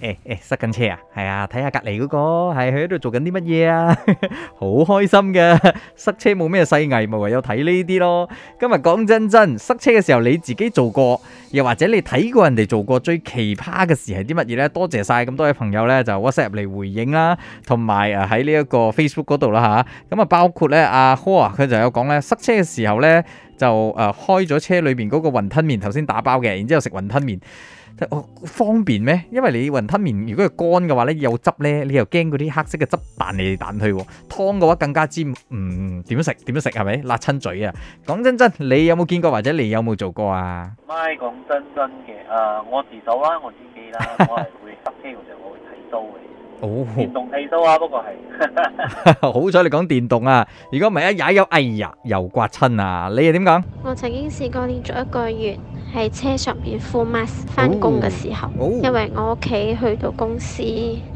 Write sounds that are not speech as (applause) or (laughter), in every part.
誒誒，塞緊車啊，係啊，睇下隔籬嗰個係佢喺度做緊啲乜嘢啊，好開心㗎，塞車冇咩，啊那個、 (laughs) 細藝，咪唯有睇呢啲咯。今日講真真，塞車嘅時候你自己做過，又或者你睇過人哋做過最奇葩嘅事係啲乜嘢呢？多謝晒咁多位朋友呢，就 WhatsApp 嚟回應啦，同埋誒喺呢一個 Facebook 嗰度啦吓。咁啊，包括呢阿 Ho 啊，佢就有講呢，塞車嘅時候呢，就誒、啊、開咗車裏邊嗰個雲吞麵，頭先打包嘅，然之後食雲吞麵。即係我方便咩？因為你雲吞麵如果係乾嘅話咧，有汁咧，你又驚嗰啲黑色嘅汁彈嚟彈去。湯嘅話更加之唔點樣食，點樣食係咪？辣親嘴啊！講真真，你有冇見過或者你有冇做過啊？唔係講真真嘅，誒我自首啦，我自己啦，我係會，基本上我會睇到嘅。電動剃鬚啊，不過係，好彩你講電動啊，如果唔係一踩油，哎呀又刮親啊！你又點講？我曾經試過練咗一個月，喺車上邊敷 mask 翻工嘅時候，因為我屋企去到公司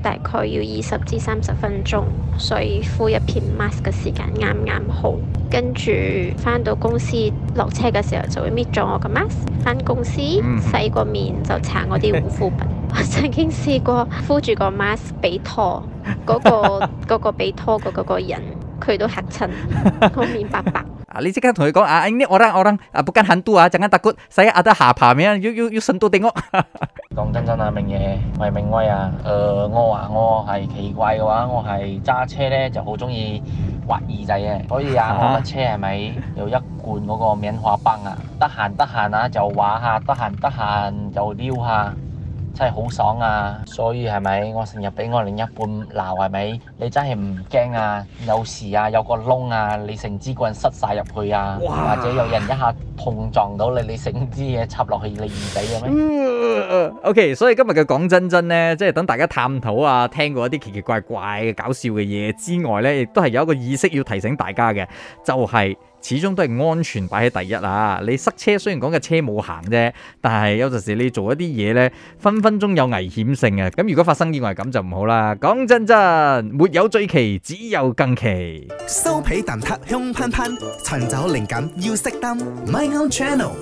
大概要二十至三十分鐘，所以敷一片 mask 嘅時間啱啱好。跟住翻到公司落車嘅時候就會搣咗我個 mask 翻公司，洗個面就搽我啲護膚品。我曾經試過敷住個 mask 俾拖，嗰個嗰個俾拖個嗰個人，佢都嚇親，個面白白。啊！你即刻同佢講啊！呢啲 orang orang 啊，不敢行多啊，陣間大骨，使阿得下爬咩？要要要順到定喎。講真真啊，明爺，唔係明威啊。誒，我話我係奇怪嘅話，我係揸車咧就好中意滑耳仔嘅，所以啊，我部車係咪有一罐嗰個棉花棒啊？得閒得閒啊，就畫下；得閒得閒就撩下。真係好爽啊！所以係咪我成日畀我另一半鬧係咪？你真係唔驚啊？有時啊，有個窿啊，你成支棍塞晒入去啊，哇或者有人一下碰撞到你，你成支嘢插落去你耳仔嘅咩？OK，所以今日嘅講真真咧，即係等大家探討啊，聽過一啲奇奇怪怪嘅搞笑嘅嘢之外咧，亦都係有一個意識要提醒大家嘅，就係、是。始終都係安全擺喺第一啦。你塞車雖然講嘅車冇行啫，但係有陣時你做一啲嘢，呢，分分鐘有危險性啊。咁如果發生意外咁就唔好啦。講真真，沒有最奇，只有更奇。收皮蛋撻香噴噴，尋找靈感要熄燈，my own channel。